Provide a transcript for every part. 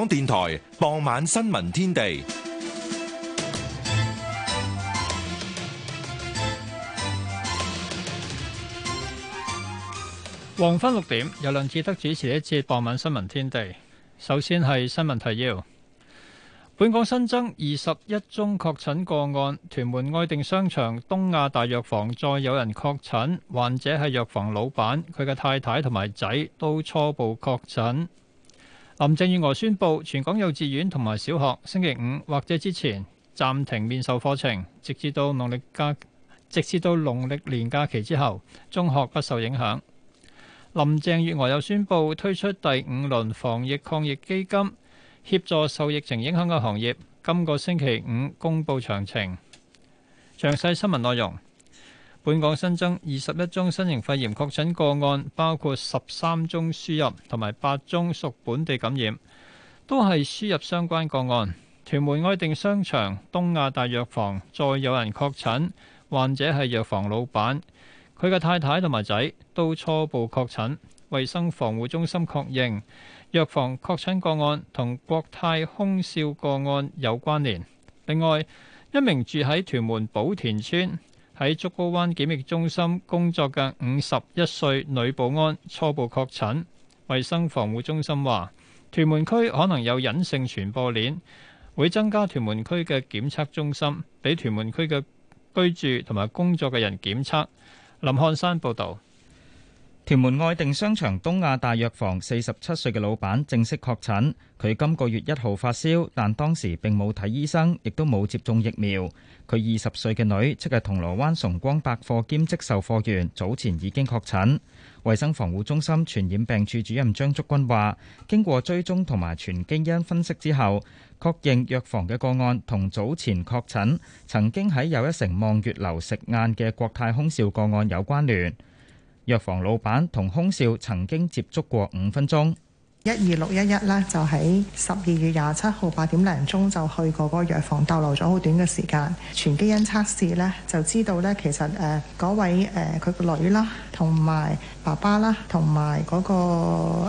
香港電台傍晚新聞天地，黃昏六點由梁志德主持呢一節傍晚新聞天地。首先係新聞提要：本港新增二十一宗確診個案，屯門愛定商場東亞大藥房再有人確診，患者係藥房老闆，佢嘅太太同埋仔都初步確診。林鄭月娥宣布，全港幼稚園同埋小學星期五或者之前暫停面授課程，直至到農曆假，直至到農曆年假期之後，中學不受影響。林鄭月娥又宣布推出第五輪防疫抗疫基金，協助受疫情影響嘅行業。今個星期五公布詳情，詳細新聞內容。本港新增二十一宗新型肺炎確診個案，包括十三宗輸入同埋八宗屬本地感染，都係輸入相關個案。屯門愛定商場東亞大藥房再有人確診，患者係藥房老闆，佢嘅太太同埋仔都初步確診。衛生防護中心確認藥房確診個案同國泰空少個案有關聯。另外，一名住喺屯門寶田村。喺竹篙灣檢疫中心工作嘅五十一歲女保安初步確診。衛生防護中心話，屯門區可能有隱性傳播鏈，會增加屯門區嘅檢測中心，俾屯門區嘅居住同埋工作嘅人檢測。林漢山報導。屯門愛定商場東亞大藥房四十七歲嘅老闆正式確診，佢今個月一號發燒，但當時並冇睇醫生，亦都冇接種疫苗。佢二十歲嘅女即係銅鑼灣崇光百貨兼職售貨員，早前已經確診。衛生防護中心傳染病處主任張竹君話，經過追蹤同埋全基因分析之後，確認藥房嘅個案同早前確診曾經喺又一城望月樓食晏嘅國泰空少個案有關聯。藥房老闆同空少曾經接觸過五分鐘，一二六一一咧就喺十二月廿七號八點零鐘就去過個藥房，逗留咗好短嘅時間。全基因測試咧就知道咧，其實誒嗰、呃、位誒佢個女啦，同埋爸爸啦，同埋嗰個誒、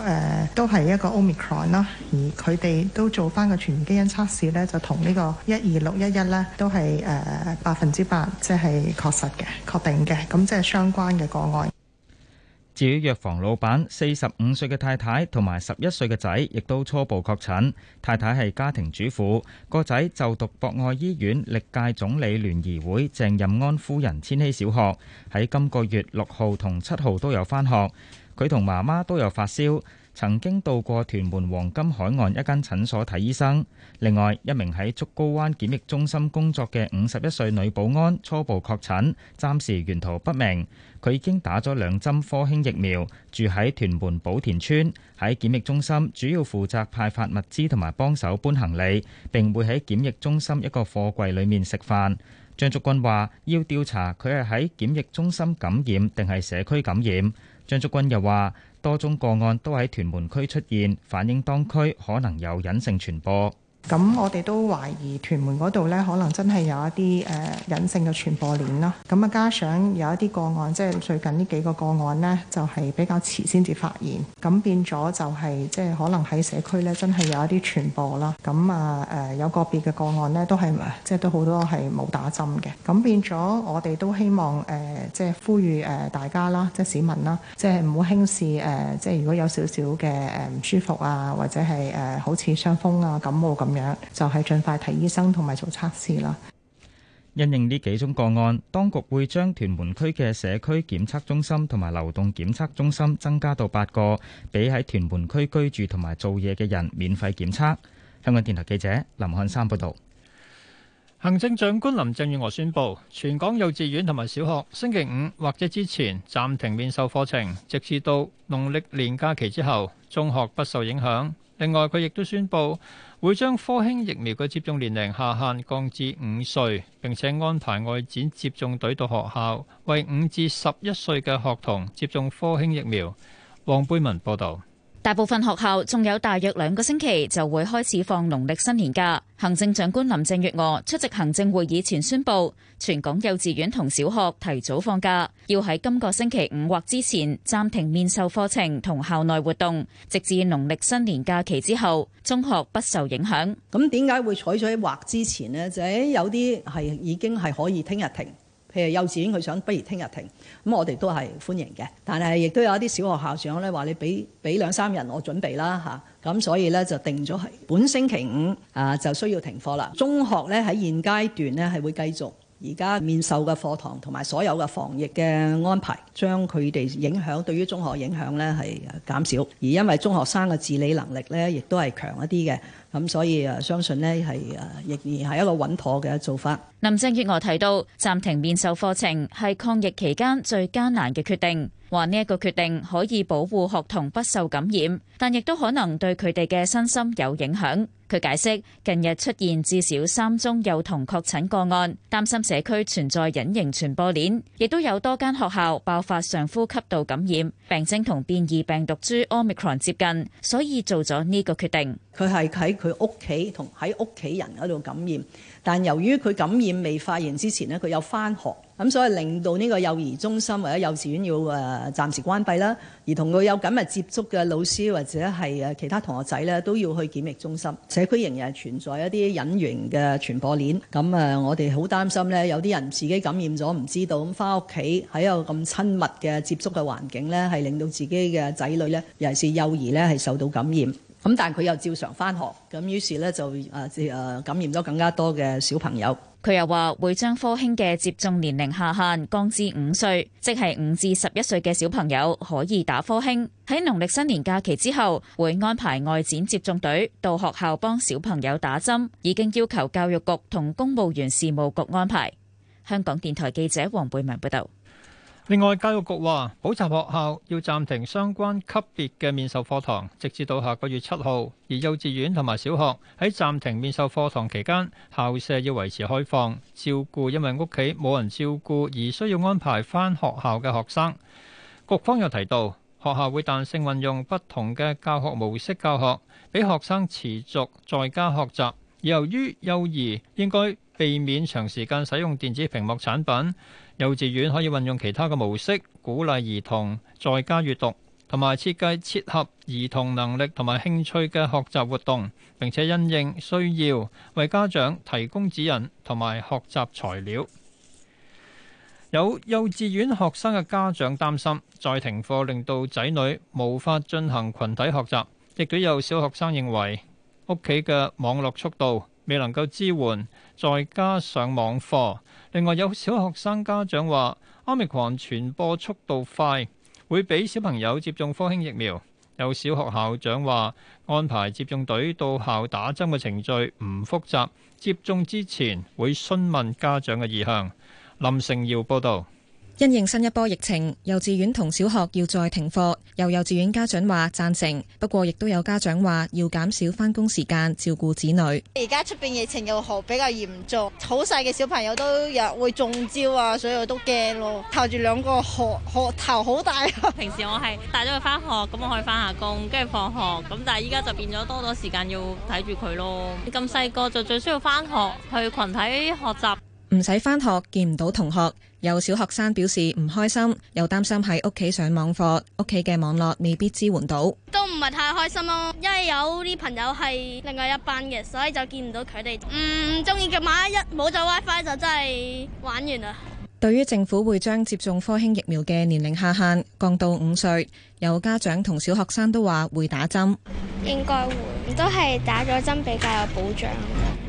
呃、都係一個 omicron 啦。而佢哋都做返個全基因測試咧、呃，就同呢個一二六一一咧都係誒百分之百，即係確實嘅、確定嘅，咁即係相關嘅個案。至於藥房老闆四十五歲嘅太太同埋十一歲嘅仔亦都初步確診，太太係家庭主婦，個仔就讀博愛醫院歷屆總理聯誼會鄭任安夫人千禧小學，喺今個月六號同七號都有返學，佢同媽媽都有發燒，曾經到過屯門黃金海岸一間診所睇醫生。另外，一名喺竹篙灣檢疫中心工作嘅五十一歲女保安初步確診，暫時源頭不明。佢已經打咗兩針科興疫苗，住喺屯門寶田村。喺檢疫中心主要負責派發物資同埋幫手搬行李，並會喺檢疫中心一個貨櫃裏面食飯。張竹君話：要調查佢係喺檢疫中心感染定係社區感染。張竹君又話：多宗個案都喺屯門區出現，反映當區可能有隱性傳播。咁我哋都懷疑屯門嗰度咧，可能真係有一啲誒隱性嘅傳播鏈啦。咁啊，加上有一啲個案，即係最近呢幾個個案咧，就係比較遲先至發現，咁變咗就係即係可能喺社區咧，真係有一啲傳播啦。咁啊誒有個別嘅個案咧，都係即係都好多係冇打針嘅。咁變咗，我哋都希望誒即係呼籲誒大家啦，即係市民啦，即係唔好輕視誒，即係如果有少少嘅誒唔舒服啊，或者係誒好似傷風啊、感冒咁。就係盡快睇醫生同埋做測試啦。因應呢幾宗個案，當局會將屯門區嘅社區檢測中心同埋流動檢測中心增加到八個，俾喺屯門區居住同埋做嘢嘅人免費檢測。香港電台記者林漢山報導。行政長官林鄭月娥宣布，全港幼稚園同埋小學星期五或者之前暫停面授課程，直至到農曆年假期之後。中學不受影響。另外，佢亦都宣布，會將科興疫苗嘅接種年齡下限降至五歲，並且安排外展接種隊到學校，為五至十一歲嘅學童接種科興疫苗。黃貝文報導。大部分學校仲有大約兩個星期就會開始放農曆新年假。行政長官林鄭月娥出席行政會議前宣布，全港幼稚園同小學提早放假，要喺今個星期五或之前暫停面授課程同校內活動，直至農曆新年假期之後。中學不受影響。咁點解會採取喺或之前呢？就喺、是、有啲係已經係可以聽日停。譬如幼稚園佢想，不如聽日停，咁我哋都係歡迎嘅。但係亦都有一啲小學校長咧話：你俾俾兩三人我準備啦嚇。咁、啊、所以咧就定咗係本星期五啊就需要停課啦。中學咧喺現階段咧係會繼續。而家面授嘅課堂同埋所有嘅防疫嘅安排，將佢哋影響對於中學影響咧係減少，而因為中學生嘅自理能力咧亦都係強一啲嘅，咁所以誒，相信咧係誒仍然係一個穩妥嘅做法。林鄭月娥提到，暫停面授課程係抗疫期間最艱難嘅決定。話呢一個決定可以保護學童不受感染，但亦都可能對佢哋嘅身心有影響。佢解釋，近日出現至少三宗幼童確診個案，擔心社區存在隱形傳播鏈，亦都有多間學校爆發上呼吸道感染，病徵同變異病毒株 Omicron 接近，所以做咗呢個決定。佢係喺佢屋企同喺屋企人嗰度感染，但由於佢感染未發炎之前咧，佢有返學。咁所以令到呢個幼兒中心或者幼稚園要誒暫時關閉啦，而同佢有緊密接觸嘅老師或者係誒其他同學仔咧，都要去檢疫中心。社區仍然係存在一啲隱形嘅傳播鏈。咁、嗯、誒、呃，我哋好擔心咧，有啲人自己感染咗唔知道，咁翻屋企喺一個咁親密嘅接觸嘅環境咧，係令到自己嘅仔女咧，尤其是幼兒咧，係受到感染。咁、嗯、但係佢又照常翻學，咁於是咧就誒誒、呃呃、感染咗更加多嘅小朋友。佢又話會將科興嘅接種年齡下限降至五歲，即係五至十一歲嘅小朋友可以打科興。喺農曆新年假期之後，會安排外展接種隊到學校幫小朋友打針。已經要求教育局同公務員事務局安排。香港電台記者黃貝文報道。另外，教育局話補習學校要暫停相關級別嘅面授課堂，直至到下個月七號，而幼稚園同埋小學喺暫停面授課堂期間校舍要維持開放，照顧，因為屋企冇人照顧而需要安排翻學校嘅學生。局方又提到，學校會彈性運用不同嘅教學模式教學，俾學生持續在家學習，而由於幼兒應該。避免長時間使用電子屏幕產品。幼稚園可以運用其他嘅模式，鼓勵兒童在家閱讀，同埋設計切合兒童能力同埋興趣嘅學習活動。並且因應需要，為家長提供指引同埋學習材料。有幼稚園學生嘅家長擔心，再停課令到仔女無法進行群體學習，亦都有小學生認為屋企嘅網絡速度未能夠支援。再加上網課，另外有小學生家長話，Omicron 傳播速度快，會俾小朋友接種科興疫苗。有小學校長話，安排接種隊到校打針嘅程序唔複雜，接種之前會詢問家長嘅意向。林成耀報道。因應新一波疫情，幼稚園同小學要再停課。有幼稚園家長話贊成，不過亦都有家長話要減少翻工時間照顧子女。而家出邊疫情又好比較嚴重，好細嘅小朋友都有會中招啊，所以我都驚咯。靠住兩個學學頭好大，啊， 平時我係帶咗佢翻學，咁我可以翻下工，跟住放學。咁但係依家就變咗多咗時間要睇住佢咯。咁細個就最需要翻學去群體學習。唔使返學，見唔到同學，有小學生表示唔開心，又擔心喺屋企上網課，屋企嘅網絡未必支援到，都唔係太開心咯。因為有啲朋友係另外一班嘅，所以就見唔到佢哋。嗯，唔中意嘅，萬一冇咗 WiFi 就真係玩完啦。對於政府會將接種科興疫苗嘅年齡下限降到五歲，有家長同小學生都話會打針，應該會都係打咗針比較有保障。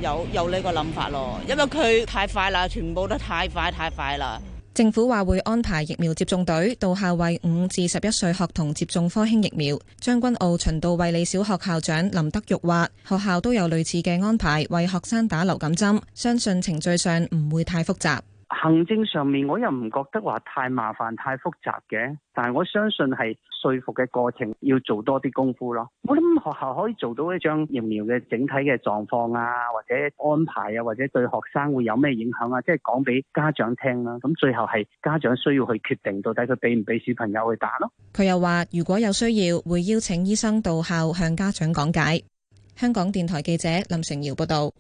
有有呢個諗法咯，因為佢太快啦，全部都太快太快啦。政府話會安排疫苗接種隊到校為五至十一歲學童接種科興疫苗。將軍澳循道衛理小學校長林德玉話，學校都有類似嘅安排為學生打流感針，相信程序上唔會太複雜。行政上面我又唔覺得話太麻煩太複雜嘅，但係我相信係說服嘅過程要做多啲功夫咯。我諗學校可以做到一張疫苗嘅整體嘅狀況啊，或者安排啊，或者對學生會有咩影響啊，即係講俾家長聽啦、啊。咁最後係家長需要去決定到底佢俾唔俾小朋友去打咯、啊。佢又話，如果有需要，會邀請醫生到校向家長講解。香港電台記者林成瑤報道。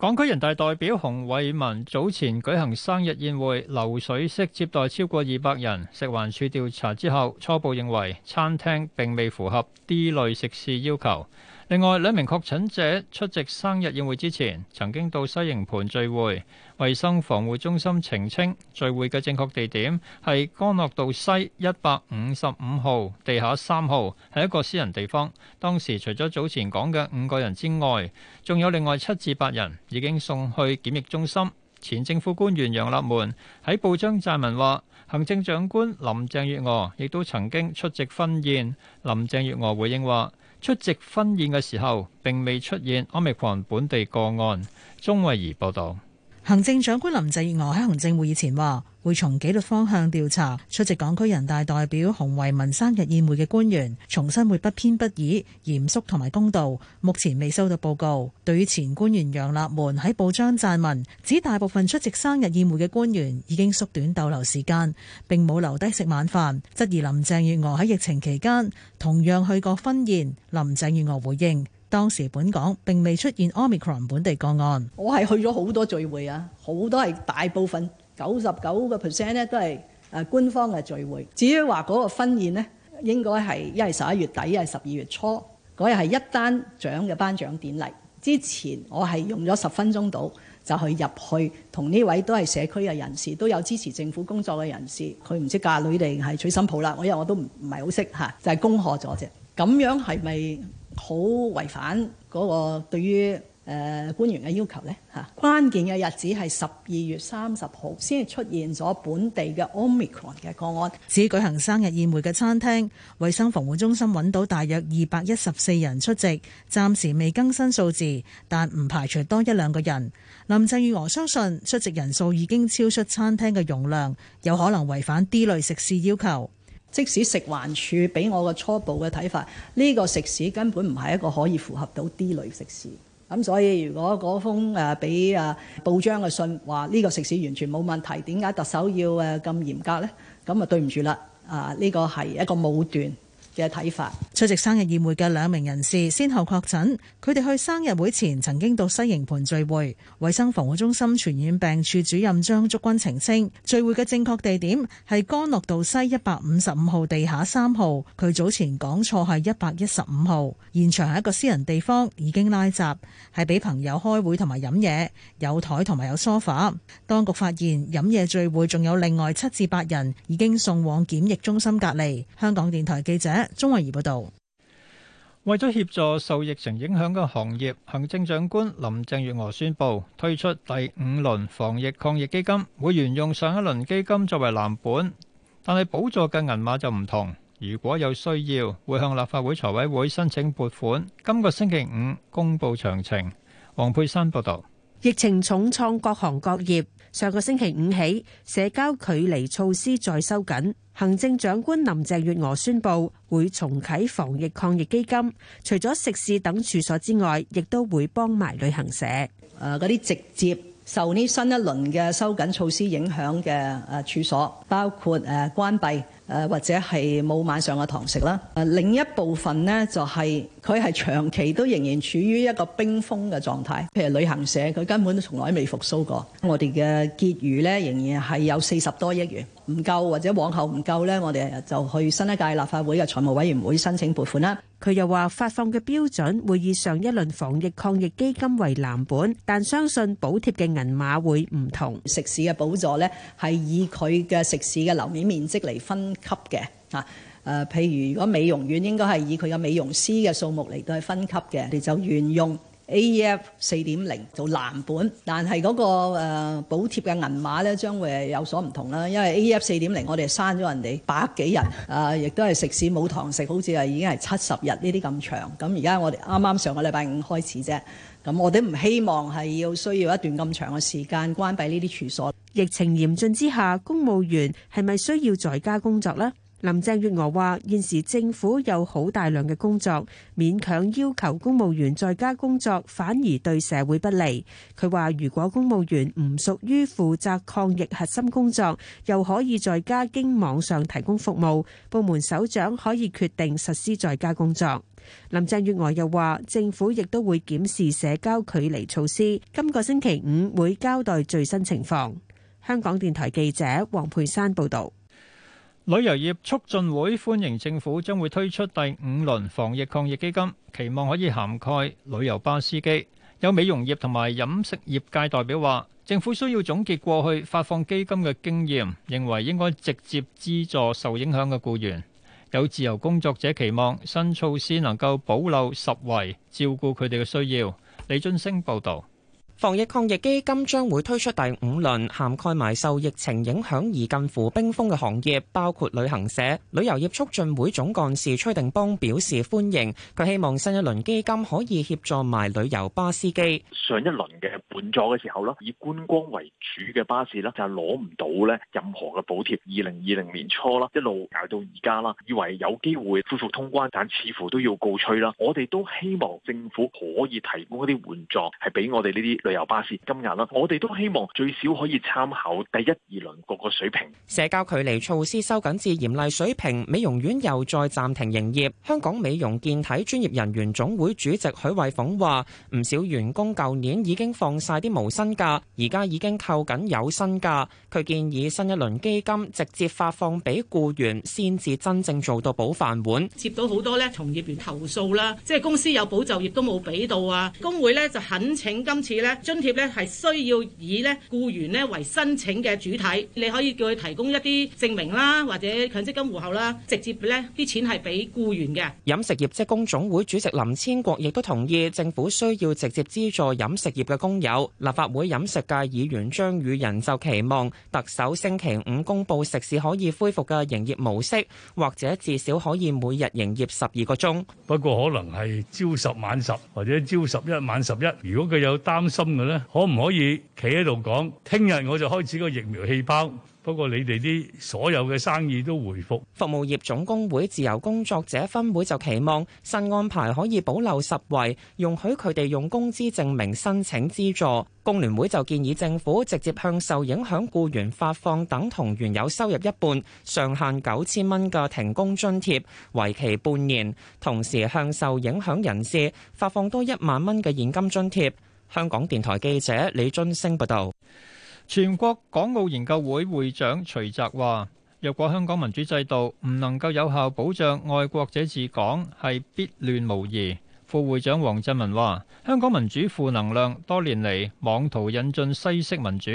港區人大代表洪為民早前舉行生日宴會，流水式接待超過二百人。食環署調查之後，初步認為餐廳並未符合 D 類食肆要求。另外兩名確診者出席生日宴會之前，曾經到西營盤聚會。衛生防護中心澄清，聚會嘅正確地點係干諾道西一百五十五號地下三號，係一個私人地方。當時除咗早前講嘅五個人之外，仲有另外七至八人已經送去檢疫中心。前政府官員楊立門喺報章撰文話，行政長官林鄭月娥亦都曾經出席婚宴。林鄭月娥回應話。出席婚宴嘅時候，並未出現 Omicron 本地個案。鍾慧儀報導，行政長官林鄭月娥喺行政會議前話，會從紀律方向調查出席港區人大代表洪為民生日宴會嘅官員，重新會不偏不倚、嚴肅同埋公道。目前未收到報告。對於前官員楊立門喺報章撰文，指大部分出席生日宴會嘅官員已經縮短逗留時間，並冇留低食晚飯，質疑林鄭月娥喺疫情期間同樣去過婚宴。林鄭月娥回應：當時本港並未出現 Omicron 本地個案，我係去咗好多聚會啊，好多係大部分。九十九個 percent 咧都係誒官方嘅聚會，至於話嗰個婚宴呢，應該係一係十一月底，一係十二月初，嗰日係一單獎嘅頒獎典禮。之前我係用咗十分鐘到就去入去同呢位都係社區嘅人士，都有支持政府工作嘅人士，佢唔識嫁女定係娶新抱啦。我因為我都唔唔係好識嚇，就係、是、恭賀咗啫。咁樣係咪好違反嗰、嗰個對於誒、呃、官員嘅要求呢，嚇、啊，關鍵嘅日子係十二月三十號先係出現咗本地嘅 Omicron 嘅個案。至於舉行生日宴會嘅餐廳，衞生防護中心揾到大約二百一十四人出席，暫時未更新數字，但唔排除多一兩個人。林鄭月娥相信出席人數已經超出餐廳嘅容量，有可能違反 D 類食肆要求。即使食環署俾我嘅初步嘅睇法，呢個食肆根本唔係一個可以符合到 D 類食肆。咁所以如果嗰封誒俾啊報章嘅信話呢個食肆完全冇問題，點解特首要誒咁嚴格咧？咁啊對唔住啦，啊呢個係一個武斷。嘅睇法，出席生日宴會嘅兩名人士先後確診。佢哋去生日會前曾經到西營盤聚會。衛生防護中心傳染病處主任張竹君澄清，聚會嘅正確地點係干諾道西一百五十五號地下三號。佢早前講錯係一百一十五號，現場係一個私人地方，已經拉閘，係俾朋友開會同埋飲嘢，有台同埋有梳化。當局發現飲嘢聚會仲有另外七至八人，已經送往檢疫中心隔離。香港電台記者。鐘慧儀報道，為咗協助受疫情影響嘅行業，行政長官林鄭月娥宣布推出第五輪防疫抗疫基金，會沿用上一輪基金作為藍本，但係補助嘅銀碼就唔同。如果有需要，會向立法會財委會申請撥款。今個星期五公布詳情。黃佩珊報道，疫情重創各行各業。上個星期五起，社交距離措施再收緊。行政長官林鄭月娥宣布會重啟防疫抗疫基金，除咗食肆等處所之外，亦都會幫埋旅行社。誒、啊，嗰啲直接。受呢新一輪嘅收緊措施影響嘅誒、啊、處所，包括誒、啊、關閉誒、啊、或者係冇晚上嘅堂食啦、啊。另一部分呢，就係佢係長期都仍然處於一個冰封嘅狀態，譬如旅行社佢根本都從來都未復甦過。我哋嘅結餘呢，仍然係有四十多億元，唔夠或者往後唔夠呢，我哋就去新一屆立法會嘅財務委員會申請撥款啦。啊。佢又話發放嘅標準會以上一輪防疫抗疫基金為藍本，但相信補貼嘅銀碼會唔同。食肆嘅補助呢，係以佢嘅食肆嘅樓面面積嚟分級嘅嚇。誒、呃，譬如如果美容院應該係以佢嘅美容師嘅數目嚟到分級嘅，你就沿用。A E F 四點零做藍本，但係嗰、那個誒、呃、補貼嘅銀碼咧，將會係有所唔同啦。因為 A E F 四點零，我哋刪咗人哋百幾日啊，亦都係食肆冇堂食，好似係已經係七十日呢啲咁長。咁而家我哋啱啱上個禮拜五開始啫。咁我哋唔希望係要需要一段咁長嘅時間關閉呢啲處所。疫情嚴峻之下，公務員係咪需要在家工作咧？林鄭月娥話：現時政府有好大量嘅工作，勉強要求公務員在家工作，反而對社會不利。佢話：如果公務員唔屬於負責抗疫核心工作，又可以在家經網上提供服務，部門首長可以決定實施在家工作。林鄭月娥又話：政府亦都會檢視社交距離措施，今個星期五會交代最新情況。香港電台記者黃佩珊報導。旅遊業促進會歡迎政府將會推出第五輪防疫抗疫基金，期望可以涵蓋旅遊巴司機。有美容業同埋飲食業界代表話，政府需要總結過去發放基金嘅經驗，認為應該直接資助受影響嘅僱員。有自由工作者期望新措施能夠保留實惠，照顧佢哋嘅需要。李俊升報道。防疫抗疫基金將會推出第五輪，涵蓋埋受疫情影響而近乎冰封嘅行業，包括旅行社。旅遊業促進會總幹事崔定邦表示歡迎。佢希望新一輪基金可以協助埋旅遊巴司機。上一輪嘅援助嘅時候咯，以觀光為主嘅巴士咧就係攞唔到咧任何嘅補貼。二零二零年初啦，一路搞到而家啦，以為有機會恢復通關，但似乎都要告吹啦。我哋都希望政府可以提供一啲援助，係俾我哋呢啲。旅遊巴士今日啦，我哋都希望最少可以參考第一二輪嗰個水平。社交距離措施收緊至嚴厲水平，美容院又再暫停營業。香港美容健體專業人員總會主席許慧鳳話：唔少員工舊年已經放晒啲無薪假，而家已經扣緊有薪假。佢建議新一輪基金直接發放俾僱員，先至真正做到保飯碗。接到好多咧，從業員投訴啦，即係公司有保就業都冇俾到啊！工會咧就懇請今次咧。津貼咧係需要以咧僱員咧為申請嘅主體，你可以叫佢提供一啲證明啦，或者強積金戶口啦，直接咧啲錢係俾僱員嘅。飲食業職工總會主席林千國亦都同意政府需要直接資助飲食業嘅工友。立法會飲食界議員張宇人就期望特首星期五公布食肆可以恢復嘅營業模式，或者至少可以每日營業十二個鐘。不過可能係朝十晚十，或者朝十一晚十一。如果佢有擔心。咧，可唔可以企喺度講？聽日我就開始個疫苗氣包，不過你哋啲所有嘅生意都回復服務業總工會自由工作者分會就期望新安排可以保留實惠，容許佢哋用工資證明申請資助。工聯會就建議政府直接向受影響僱員發放等同原有收入一半，上限九千蚊嘅停工津貼，為期半年，同時向受影響人士發放多一萬蚊嘅現金津貼。香港電台記者李俊升報道。全國港澳研究會會長徐澤話，若果香港民主制度唔能夠有效保障愛國者治港係必亂無疑，副會長黃振文話，香港民主負能量多年嚟妄圖引進西式民主，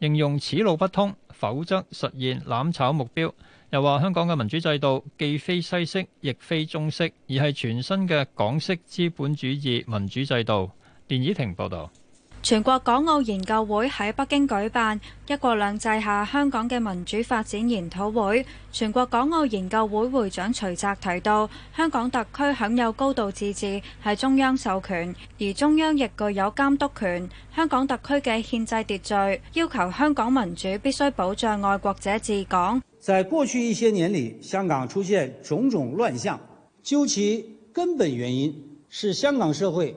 形容此路不通，否則實現攬炒目標，又話香港嘅民主制度既非西式，亦非中式，而係全新嘅港式資本主義民主制度。連綺婷報道，全國港澳研究會喺北京舉辦一國兩制下香港嘅民主發展研討會。全國港澳研究會會長徐澤提到，香港特區享有高度自治，係中央授權，而中央亦具有監督權。香港特區嘅憲制秩序要求香港民主必須保障愛國者治港。在過去一些年裏，香港出現種種亂象，究其根本原因，是香港社會。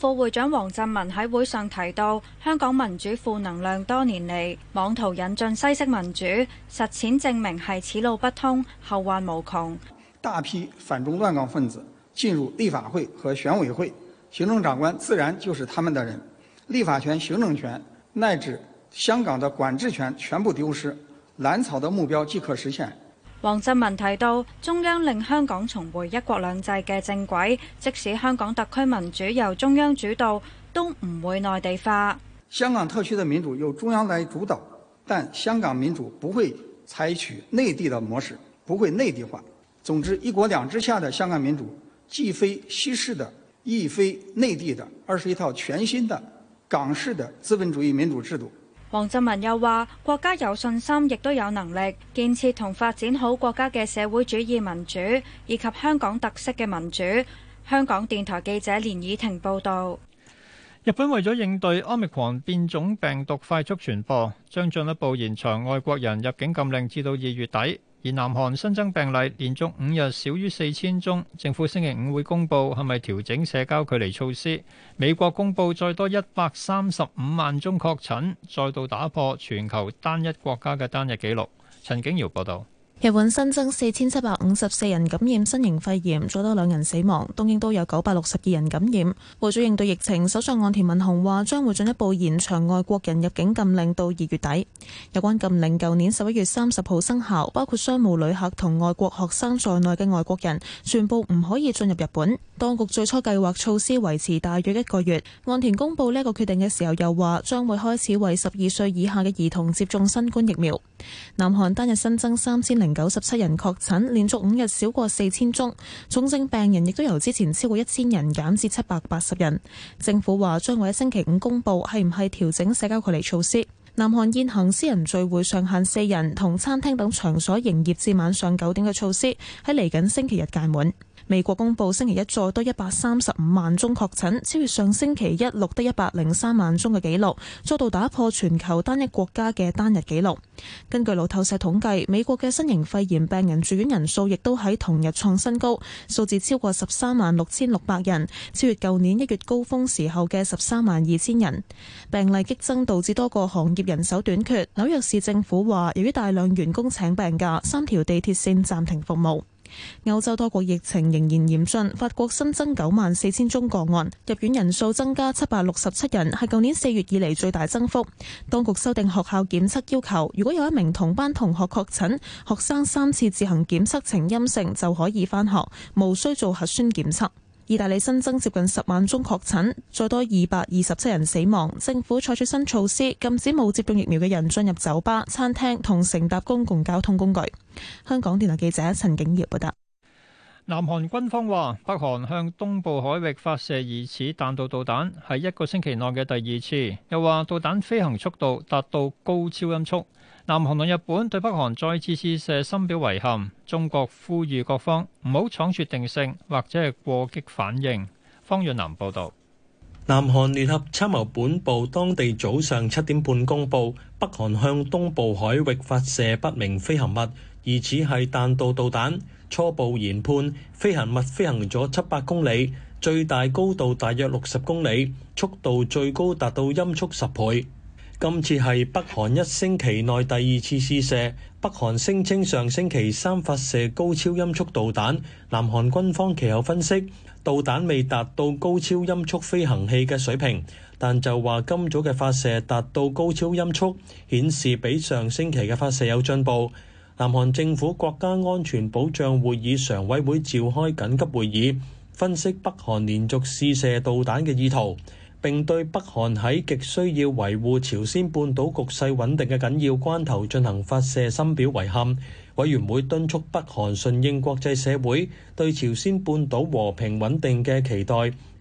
副會長黃振文喺會上提到，香港民主負能量多年嚟，妄圖引進西式民主，實踐證明係此路不通，後患無窮。大批反中亂港分子進入立法會和選委會，行政長官自然就是他們的人，立法權、行政權乃至香港的管制權全部丟失，攬炒的目標即可實現。王振文提到，中央令香港重回一國兩制嘅正軌，即使香港特區民主由中央主導，都唔會內地化。香港特區嘅民主由中央來主導，但香港民主不會採取內地的模式，不會內地化。總之一國兩制下的香港民主，既非西式的，亦非內地的，而是一套全新的港式的資本主義民主制度。黃振文又話：國家有信心，亦都有能力建設同發展好國家嘅社會主義民主，以及香港特色嘅民主。香港電台記者連以婷報導。日本為咗應對奧密克戎變種病毒快速傳播，將進一步延長外國人入境禁令至到二月底。而南韓新增病例連續五日少於四千宗，政府星期五會公布係咪調整社交距離措施。美國公布再多一百三十五萬宗確診，再度打破全球單一國家嘅單日紀錄。陳景瑤報道。日本新增四千七百五十四人感染新型肺炎，再多兩人死亡。東京都有九百六十二人感染。為咗應對疫情，首相岸田文雄話將會進一步延長外國人入境禁令到二月底。有關禁令舊年十一月三十號生效，包括商務旅客同外國學生在內嘅外國人全部唔可以進入日本。當局最初計劃措施維持大約一個月。岸田公布呢個決定嘅時候又話將會開始為十二歲以下嘅兒童接種新冠疫苗。南韓單日新增三千零九十七人確診，連續五日少過四千宗，重症病人亦都由之前超過一千人減至七百八十人。政府話將會喺星期五公佈係唔係調整社交距離措施。南韓現行私人聚會上限四人同餐廳等場所營業至晚上九點嘅措施，喺嚟緊星期日屆滿。美國公布星期一再多一百三十五萬宗確診，超越上星期一錄得一百零三萬宗嘅紀錄，再度打破全球單一國家嘅單日紀錄。根據路透社統計，美國嘅新型肺炎病人住院人數亦都喺同日創新高，數字超過十三萬六千六百人，超越舊年一月高峰時候嘅十三萬二千人。病例激增導致多個行業人手短缺，紐約市政府話，由於大量員工請病假，三條地鐵線暫停服務。歐洲多國疫情仍然嚴峻，法國新增九萬四千宗個案，入院人數增加七百六十七人，係舊年四月以嚟，最大增幅。當局修訂學校檢測要求，如果有一名同班同學確診，學生三次自行檢測呈陰性就可以返學，無需做核酸檢測。意大利新增接近十萬宗確診，再多二百二十七人死亡。政府採取新措施，禁止冇接種疫苗嘅人進入酒吧、餐廳同乘搭公共交通工具。香港電台記者陳景業報道。南韓軍方話，北韓向東部海域發射疑似彈道導彈，係一個星期內嘅第二次，又話導彈飛行速度達到高超音速。南韓同日本對北韓再次試射深表遺憾，中國呼籲各方唔好搶奪定性或者係過激反應。方若南報導。南韓聯合參謀本部當地早上七點半公佈，北韓向東部海域發射不明飛行物，疑似係彈道導彈。初步研判，飛行物飛行咗七百公里，最大高度大約六十公里，速度最高達到音速十倍。今次係北韓一星期內第二次試射。北韓聲稱上星期三發射高超音速導彈，南韓軍方其後分析導彈未達到高超音速飛行器嘅水平，但就話今早嘅發射達到高超音速，顯示比上星期嘅發射有進步。南韓政府國家安全保障會議常委會召開緊急會議，分析北韓連續試射導彈嘅意圖。並對北韓喺極需要維護朝鮮半島局勢穩定嘅緊要關頭進行發射深表遺憾。委員會敦促北韓順應國際社會對朝鮮半島和平穩定嘅期待，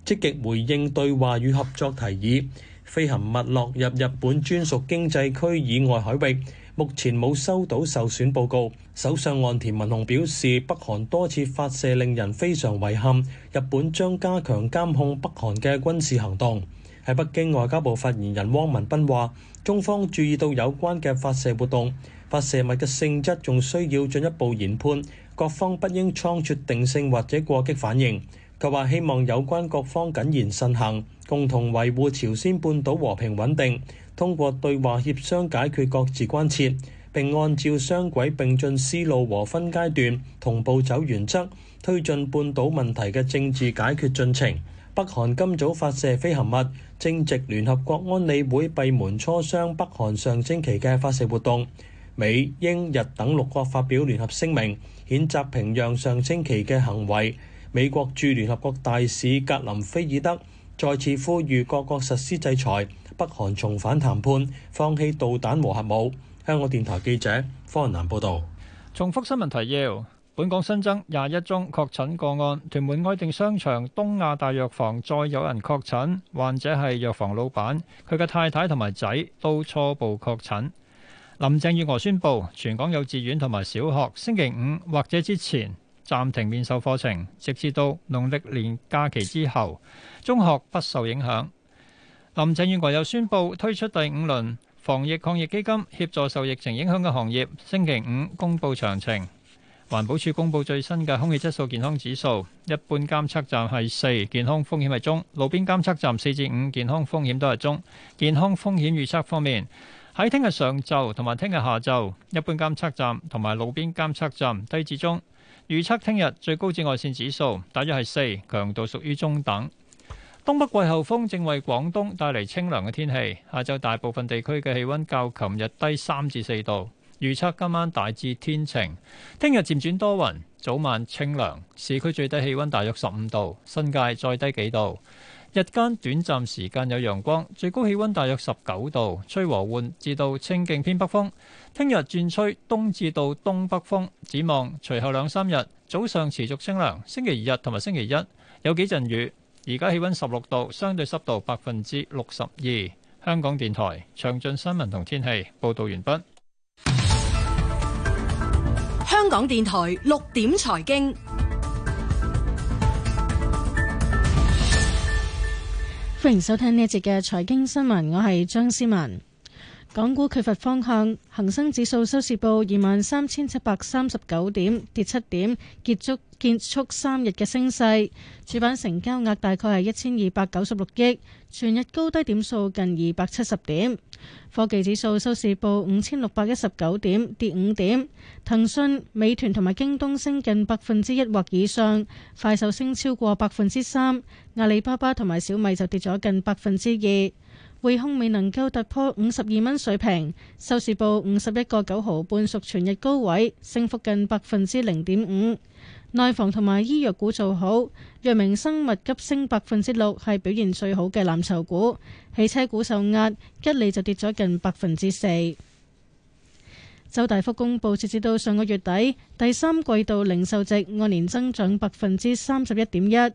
積極回應對話與合作提議。飛行物落入日本專屬經濟區以外海域，目前冇收到受損報告。首相岸田文雄表示，北韓多次發射令人非常遺憾，日本將加強監控北韓嘅軍事行動。喺北京外交部發言人汪文斌話，中方注意到有關嘅發射活動，發射物嘅性質仲需要進一步研判，各方不應倉促定性或者過激反應，佢話希望有關各方謹言慎行，共同維護朝鮮半島和平穩定，通過對話協商解決各自關切。並按照雙軌並進思路和分階段同步走原則，推進半島問題嘅政治解決進程。北韓今早發射飛行物，正值聯合國安理會閉門磋商北韓上星期嘅發射活動。美、英、日等六國發表聯合聲明，譴責平壤上星期嘅行為。美國駐聯合國大使格林菲爾德再次呼籲各國實施制裁，北韓重返談判，放棄導彈和核武。香港電台記者方雲南報道。重複新聞提要，本港新增廿一宗確診個案，屯門愛定商場東亞大藥房再有人確診，患者係藥房老闆，佢嘅太太同埋仔都初步確診。林鄭月娥宣布，全港幼稚園同埋小學星期五或者之前暫停面授課程，直至到農曆年假期之後，中學不受影響。林鄭月娥又宣布推出第五輪。防疫抗疫基金協助受疫情影響嘅行業，星期五公布詳情。環保署公布最新嘅空氣質素健康指數，一般監測站係四，健康風險係中；路邊監測站四至五，5，健康風險都係中。健康風險預測方面，喺聽日上晝同埋聽日下晝，一般監測站同埋路邊監測站低至中。預測聽日最高紫外線指數大約係四，強度屬於中等。東北季候風正為廣東帶嚟清涼嘅天氣，下晝大部分地區嘅氣溫較琴日低三至四度。預測今晚大致天晴，聽日漸轉多雲，早晚清涼，市區最低氣溫大約十五度，新界再低幾度。日間短暫時間有陽光，最高氣溫大約十九度，吹和緩至到清勁偏北風。聽日轉吹東至到東北風，展望隨後兩三日早上持續清涼，星期日同埋星期一有幾陣雨。而家氣溫十六度，相對濕度百分之六十二。香港電台詳盡新聞同天氣報道完畢。香港電台六點財經，歡迎收聽呢一節嘅財經新聞，我係張思文。港股缺乏方向，恒生指數收市報二萬三千七百三十九點，跌七點，結束結束三日嘅升勢。主板成交額大概係一千二百九十六億，全日高低點數近二百七十點。科技指數收市報五千六百一十九點，跌五點。騰訊、美團同埋京東升近百分之一或以上，快手升超過百分之三，阿里巴巴同埋小米就跌咗近百分之二。匯控未能夠突破五十二蚊水平，收市報五十一個九毫半，屬全日高位，升幅近百分之零點五。內房同埋醫藥股做好，藥明生物急升百分之六，係表現最好嘅藍籌股。汽車股受壓，吉利就跌咗近百分之四。周大福公布，截至到上個月底，第三季度零售值按年增長百分之三十一點一。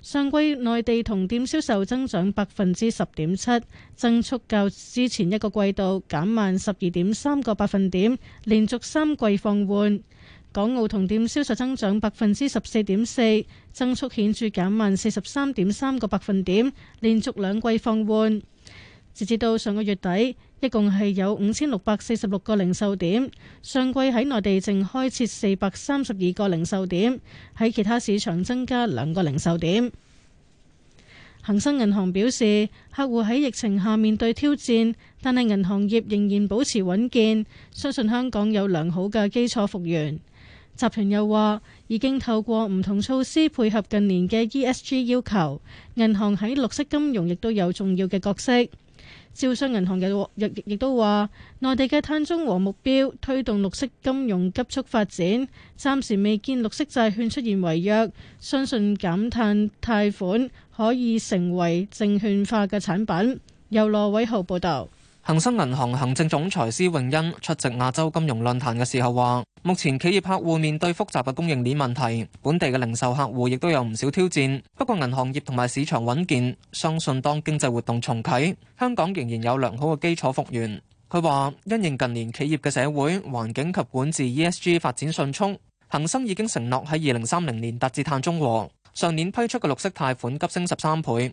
上季內地同店銷售增長百分之十點七，增速較之前一個季度減慢十二點三個百分點，連續三季放緩。港澳同店銷售增長百分之十四點四，增速顯著減慢四十三點三個百分點，連續兩季放緩。截至到上個月底，一共係有五千六百四十六個零售點，上季喺內地淨開設四百三十二個零售點，喺其他市場增加兩個零售點。恒生銀行表示，客戶喺疫情下面對挑戰，但係銀行業仍然保持穩健，相信香港有良好嘅基礎復原。集團又話已經透過唔同措施配合近年嘅 ESG 要求，銀行喺綠色金融亦都有重要嘅角色。招商銀行嘅亦，亦都話，內地嘅碳中和目標推動綠色金融急速發展，暫時未見綠色債券出現違約，相信減碳貸款可以成為證券化嘅產品。由羅偉浩報道。恒生銀行行政總裁施穎茵出席亞洲金融論壇嘅時候話：目前企業客戶面對複雜嘅供應鏈問題，本地嘅零售客戶亦都有唔少挑戰。不過銀行業同埋市場穩健，相信當經濟活動重啟，香港仍然有良好嘅基礎復原。佢話：因應近年企業嘅社會、環境及管治 ESG 發展迅速，恒生已經承諾喺二零三零年達至碳中和。上年批出嘅綠色貸款急升十三倍。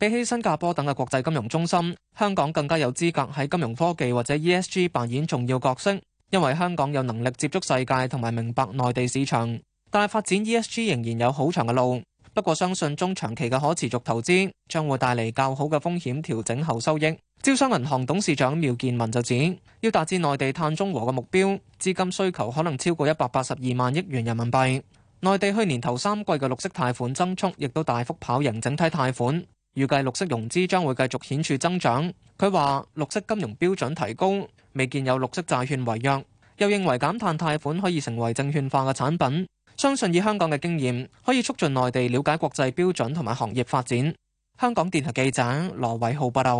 比起新加坡等嘅國際金融中心，香港更加有資格喺金融科技或者 ESG 扮演重要角色，因為香港有能力接觸世界同埋明白內地市場。但係發展 ESG 仍然有好長嘅路，不過相信中長期嘅可持續投資將會帶嚟較好嘅風險調整後收益。招商銀行董事長苗建文就指，要達至內地碳中和嘅目標，資金需求可能超過一百八十二萬億元人民幣。內地去年頭三季嘅綠色貸款增速亦都大幅跑贏整體貸款。預計綠色融資將會繼續顯著增長。佢話綠色金融標準提高，未見有綠色債券違約。又認為減碳貸款可以成為證券化嘅產品。相信以香港嘅經驗，可以促進內地了解國際標準同埋行業發展。香港電台記者羅偉浩報道。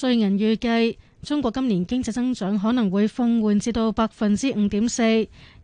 瑞銀預計。中國今年經濟增長可能會放緩至到百分之五點四，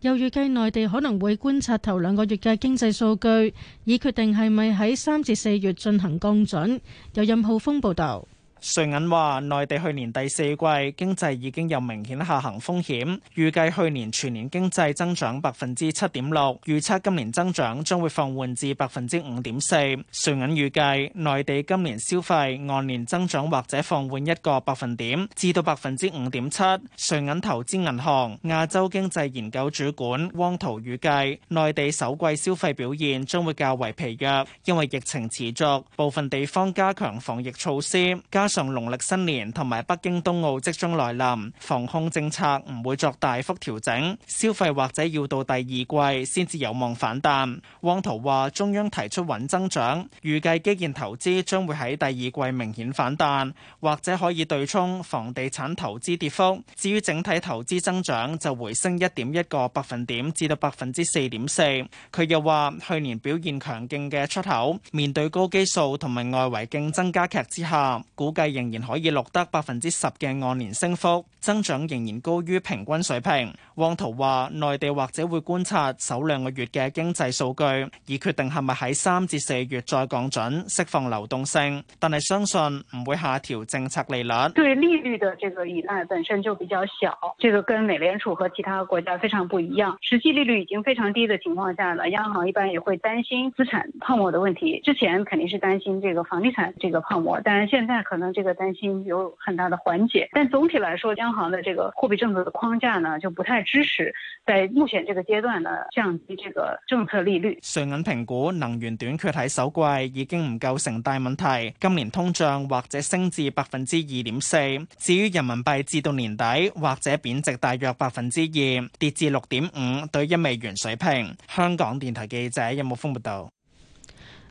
又預計內地可能會觀察頭兩個月嘅經濟數據，以決定係咪喺三至四月進行降準。由任浩峰報道。瑞銀話：內地去年第四季經濟已經有明顯下行風險，預計去年全年經濟增長百分之七點六，預測今年增長將會放緩至百分之五點四。瑞銀預計內地今年消費按年增長或者放緩一個百分點，至到百分之五點七。瑞銀投資銀行亞洲經濟研究主管汪濤預計內地首季消費表現將會較為疲弱，因為疫情持續，部分地方加強防疫措施，加上農曆新年同埋北京冬奧即將來臨，防控政策唔會作大幅調整，消費或者要到第二季先至有望反彈。汪濤話中央提出穩增長，預計基建投資將會喺第二季明顯反彈，或者可以對沖房地產投資跌幅。至於整體投資增長就回升一點一個百分點，至到百分之四點四。佢又話去年表現強勁嘅出口，面對高基數同埋外圍競爭加劇之下，計仍然可以錄得百分之十嘅按年升幅，增長仍然高於平均水平。汪濤話：內地或者會觀察首兩個月嘅經濟數據，以決定係咪喺三至四月再降準、釋放流動性，但係相信唔會下調政策利率。對利率的這個依賴本身就比較小，這個跟美聯儲和其他國家非常不一樣。實際利率已經非常低的情況下，呢央行一般也會擔心資產泡沫的問題。之前肯定是擔心這個房地產這個泡沫，但係現在可能。這個擔心有很大的緩解，但總體來說，央行的這個貨幣政策的框架呢，就不太支持在目前這個階段呢降低這個政策利率。瑞銀評估，能源短缺喺首季已經唔構成大問題，今年通脹或者升至百分之二點四。至於人民幣，至到年底或者貶值大約百分之二，跌至六點五兌一美元水平。香港電台記者任木峰報道。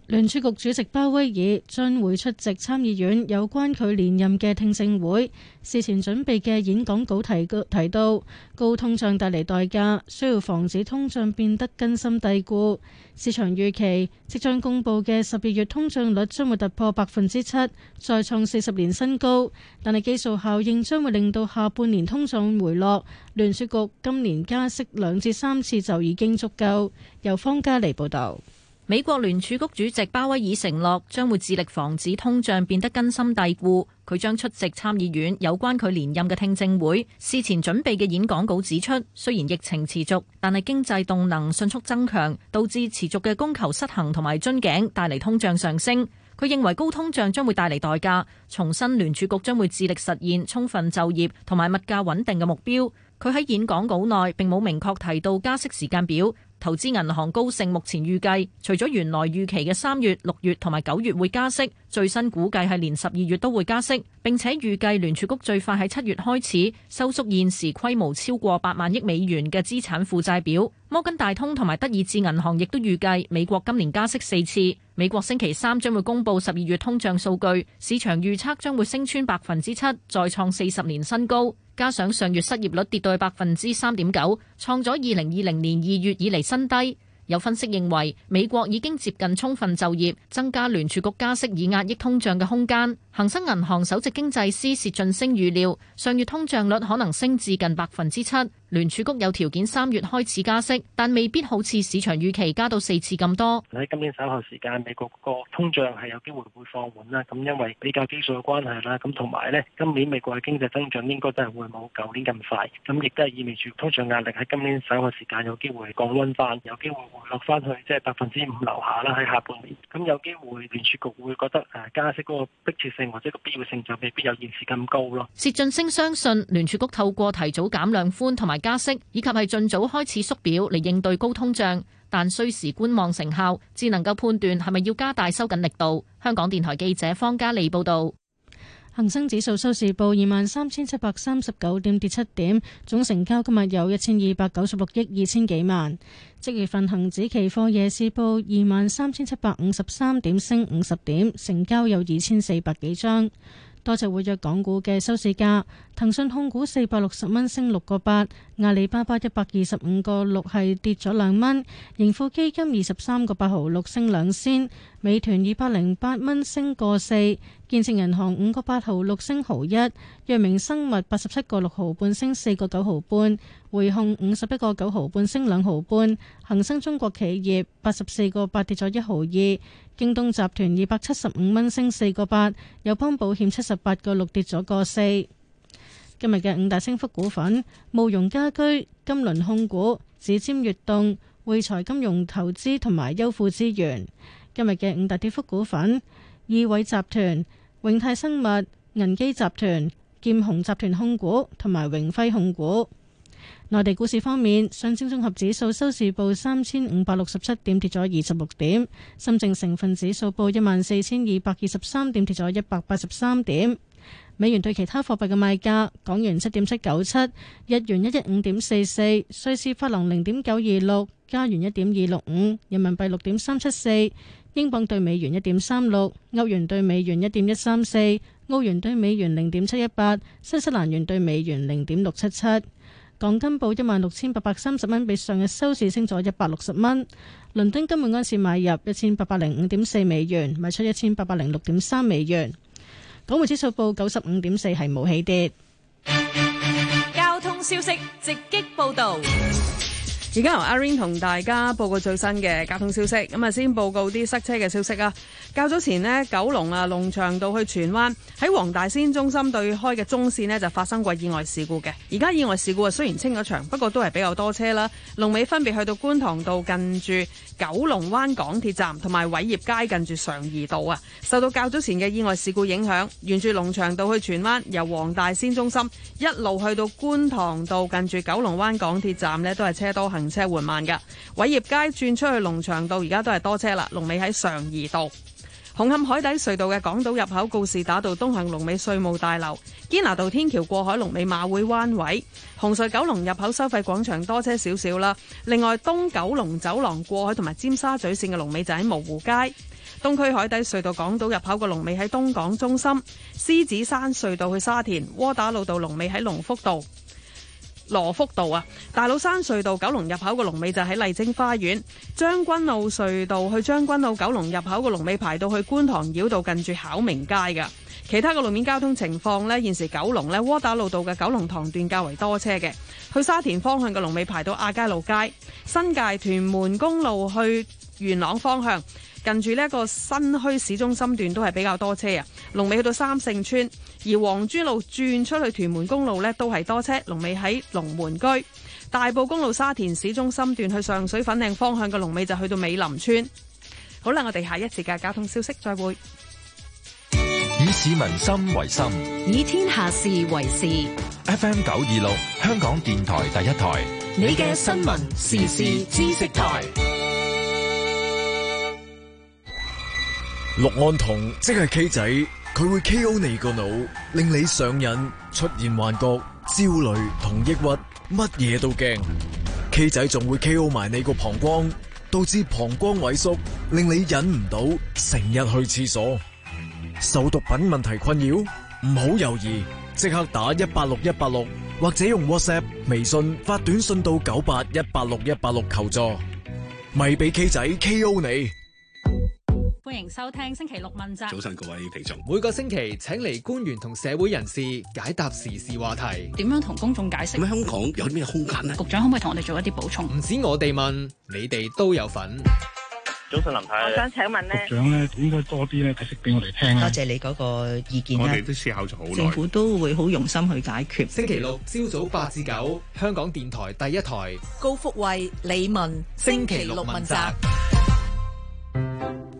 聯儲局主席鮑威爾將會出席參議院有關佢連任嘅聽證會，事前準備嘅演講稿提提到，高通脹帶嚟代價，需要防止通脹變得根深蒂固。市場預期即將公佈嘅十二月通脹率將會突破百分之七，再創四十年新高，但係基數效應將會令到下半年通脹回落。聯儲局今年加息兩至三次就已經足夠。由方家莉報道。美國聯儲局主席鮑威爾承諾將會致力防止通脹變得根深蒂固。佢將出席參議院有關佢連任嘅聽證會。事前準備嘅演講稿指出，雖然疫情持續，但係經濟動能迅速增強，導致持續嘅供求失衡同埋樽頸，帶嚟通脹上升。佢認為高通脹將會帶嚟代價，重申聯儲局將會致力實現充分就業同埋物價穩定嘅目標。佢喺演講稿內並冇明確提到加息時間表。投資銀行高盛目前預計，除咗原來預期嘅三月、六月同埋九月會加息，最新估計係連十二月都會加息，並且預計聯儲局最快喺七月開始收縮現時規模超過八萬億美元嘅資產負債表。摩根大通同埋德意志銀行亦都預計美國今年加息四次。美國星期三將會公佈十二月通脹數據，市場預測將會升穿百分之七，再創四十年新高。加上上月失業率跌到百分之三點九，創咗二零二零年二月以嚟新低。有分析認為，美國已經接近充分就業，增加聯儲局加息以壓抑通脹嘅空間。恒生銀行首席經濟師薛晉升預料，上月通脹率可能升至近百分之七，聯儲局有條件三月開始加息，但未必好似市場預期加到四次咁多。喺今年稍後時間，美國個通脹係有機會會放緩啦，咁因為比較基數嘅關係啦，咁同埋呢今年美國嘅經濟增長應該都係會冇舊年咁快，咁亦都係意味住通脹壓力喺今年稍後時間有機會降溫翻，有機會會落回落翻去即係百分之五樓下啦。喺下半年，咁有機會聯儲局會覺得誒加息嗰個迫切性。或者個必要性就未必有現時咁高咯。薛俊升相信聯儲局透過提早減量寬同埋加息，以及係儘早開始縮表嚟應對高通脹，但需時觀望成效，至能夠判斷係咪要加大收緊力度。香港電台記者方嘉利報道。恒生指數收市報二萬三千七百三十九點，跌七點，總成交今日有一千二百九十六億二千幾萬。即月份恒指期貨夜市報二萬三千七百五十三點，升五十點，成交有二千四百幾張。多隻活躍港股嘅收市價，騰訊控股四百六十蚊升六個八。阿里巴巴一百二十五個六係跌咗兩蚊，盈富基金二十三個八毫六升兩仙，美團二百零八蚊升個四，建設銀行五個八毫六升毫一，藥明生物八十七個六毫半升四個九毫半，匯控五十一個九毫半升兩毫半，恒生中國企業八十四個八跌咗一毫二，京東集團二百七十五蚊升四個八，友邦保險七十八個六跌咗個四。今日嘅五大升幅股份：慕容家居、金輪控股、指尖悅動、匯財金融投資同埋優富資源。今日嘅五大跌幅股份：意偉集團、永泰生物、銀基集團、劍虹集團控股同埋榮輝控股。內地股市方面，上證綜合指數收市報三千五百六十七點，跌咗二十六點；深證成分指數報一萬四千二百二十三點，跌咗一百八十三點。美元對其他貨幣嘅賣價：港元七點七九七，日元一一五點四四，瑞士法郎零點九二六，加元一點二六五，人民幣六點三七四，英鎊對美元一點三六，歐元對美元一點一三四，澳元對美元零點七一八，新西蘭元對美元零點六七七。港金報一萬六千八百三十蚊，比上日收市升咗一百六十蚊。倫敦金每盎司買入一千八百零五點四美元，賣出一千八百零六點三美元。港匯指數報九十五點四，係冇起跌。交通消息直擊報道。而家由阿 Ring 同大家報告最新嘅交通消息。咁啊，先報告啲塞車嘅消息啊。較早前咧，九龍啊，龍翔道去荃灣，喺黃大仙中心對開嘅中線咧，就發生過意外事故嘅。而家意外事故啊，雖然清咗場，不過都係比較多車啦。龍尾分別去到觀塘道近住九龍灣港鐵站，同埋偉業街近住常怡道啊，受到較早前嘅意外事故影響，沿住龍翔道去荃灣，由黃大仙中心一路去到觀塘道近住九龍灣港鐵站咧，都係車多行。車緩慢嘅，偉業街轉出去龍翔道，而家都係多車啦。龍尾喺常怡道，紅磡海底隧道嘅港島入口告士打道東行龍尾稅務大樓，堅拿道天橋過海龍尾馬會灣位，紅隧九龍入口收費廣場多車少少啦。另外東九龍走廊過海同埋尖沙咀線嘅龍尾就喺蕪湖街，東區海底隧道港島入口嘅龍尾喺東港中心，獅子山隧道去沙田窩打老道龍尾喺龍福道。羅福道啊，大老山隧道九龍入口個龍尾就喺麗晶花園，將軍澳隧道去將軍澳九龍入口個龍尾排到去觀塘繞道近住巧明街噶，其他嘅路面交通情況呢？現時九龍呢，窩打老道嘅九龍塘段較為多車嘅，去沙田方向嘅龍尾排到亞皆老街，新界屯門公路去元朗方向。近住呢一個新墟市中心段都係比較多車啊，龍尾去到三聖村；而黃珠路轉出去屯門公路呢都係多車，龍尾喺龍門居。大埔公路沙田市中心段去上水粉嶺方向嘅龍尾就去到美林村。好啦，我哋下一節嘅交通消息再會。以市民心為心，以天下事為事。FM 九二六，香港電台第一台，你嘅新聞時事知識台。氯胺酮，即係 K 仔，佢會 K.O 你個腦，令你上癮、出現幻覺、焦慮同抑鬱，乜嘢都驚。K 仔仲會 K.O 埋你個膀胱，導致膀胱萎縮，令你忍唔到，成日去廁所。受毒品問題困擾，唔好猶豫，即刻打一八六一八六，或者用 WhatsApp、微信發短信到九八一八六一八六求助，咪俾 K 仔 K.O 你。歡迎收聽星期六問責。早晨各位聽眾，每個星期請嚟官員同社會人士解答時事話題。點樣同公眾解釋？香港有啲咩空間咧？局長可唔可以同我哋做一啲補充？唔止我哋問，你哋都有份。早晨林太，我想請問呢局長咧應該多啲咧解釋俾我哋聽。多謝，謝你嗰個意見、啊、我哋都思考咗好耐，政府都會好用心去解決。星期六朝早八至九上，香港電台第一台高福慧李文。星期六，星期六問責。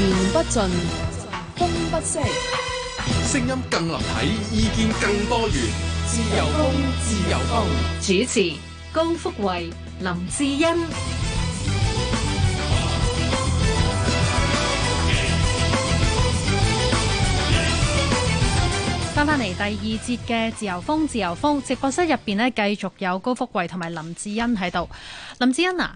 言不盡，風不息，聲音更立體，意見更多元。自由風，自由風。主持：高福慧、林志恩。翻返嚟第二節嘅自由風，自由風直播室入邊呢，繼續有高福慧同埋林志恩喺度。林志恩啊！